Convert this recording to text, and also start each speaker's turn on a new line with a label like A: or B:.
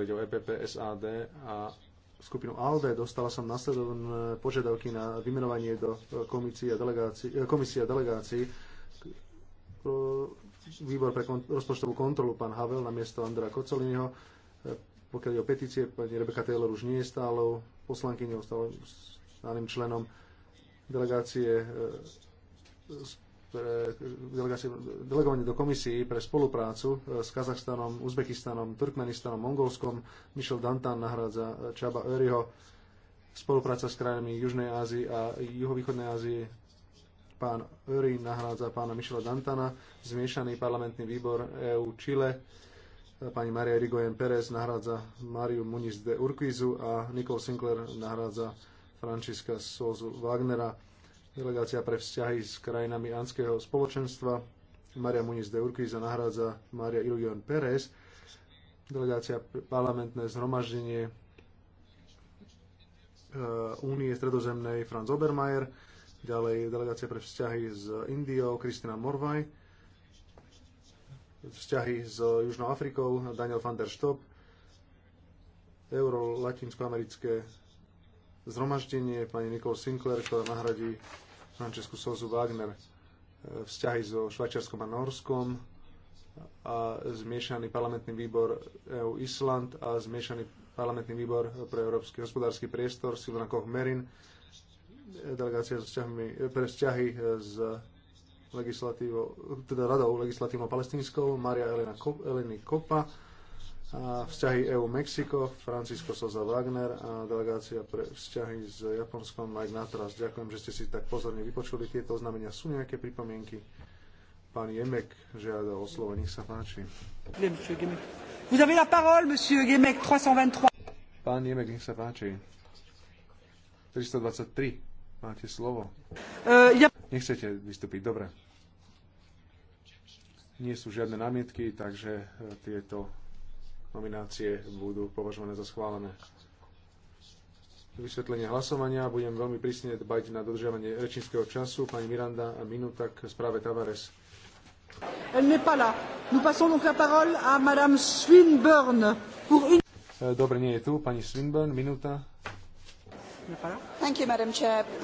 A: pokiaľ ide o EPP, SAD a skupinu ALDE, dostala som nasledovné požiadavky na vymenovanie do e, a delegácií, komisia delegácií výbor pre kont- rozpočtovú kontrolu pán Havel na miesto Andra Kocoliniho, e, pokiaľ ide o petície, pani Rebeka Taylor už nie je stálou poslankyňou, stálym členom delegácie e, delegovanie do komisii pre spoluprácu e, s Kazachstanom, Uzbekistanom, Turkmenistanom, Mongolskom. Michel Dantan nahrádza e, Čaba Öriho. Spolupráca s krajinami Južnej Ázie a Juhovýchodnej Ázie. Pán Öri nahrádza pána Michela Dantana. Zmiešaný parlamentný výbor EU Chile. E, pani Maria Rigoyen Pérez nahrádza Mariu Muniz de Urquizu a Nicole Sinclair nahrádza Francisca Sozu Wagnera delegácia pre vzťahy s krajinami Anského spoločenstva. Maria Muniz de Urquiza nahrádza Maria Ilion Pérez. Delegácia parlamentné zhromaždenie e, Únie stredozemnej Franz Obermeier. Ďalej delegácia pre vzťahy s Indiou Kristina Morvaj. Vzťahy s Južnou Afrikou Daniel van der Stop. euro Americké zhromaždenie pani Nicole Sinclair, ktorá nahradí Francesku Sozu Wagner e, vzťahy so Švajčiarskom a Norskom a zmiešaný parlamentný výbor EU Island a zmiešaný parlamentný výbor pre európsky hospodársky priestor Silvana Koch-Merin e, delegácia so vzťahmi, e, pre vzťahy s legislatívou, teda radou legislatívou palestínskou Maria Elena, Eleny Kopa vzťahy EU-Mexiko, Francisco Sosa Wagner a delegácia pre vzťahy s Japonskom Mike Natras. Ďakujem, že ste si tak pozorne vypočuli tieto oznámenia. Sú nejaké pripomienky? Pán Jemek žiada o slovo, nech sa páči. Vous avez la parole, monsieur 323. Pán Jemek, nech sa páči. 323, máte slovo. Uh, ja... Nechcete vystúpiť, dobre. Nie sú žiadne námietky, takže e, tieto nominácie budú považované za schválené. Vysvetlenie hlasovania. Budem veľmi prísne dbať na dodržiavanie rečníckého času. Pani Miranda, minúta k správe Tavares. Elle n'est pas là. Nous passons donc la parole à Madame Swinburne pour une... Dobre, nie je tu. Pani Swinburne, minúta. Thank you, Madam Chair.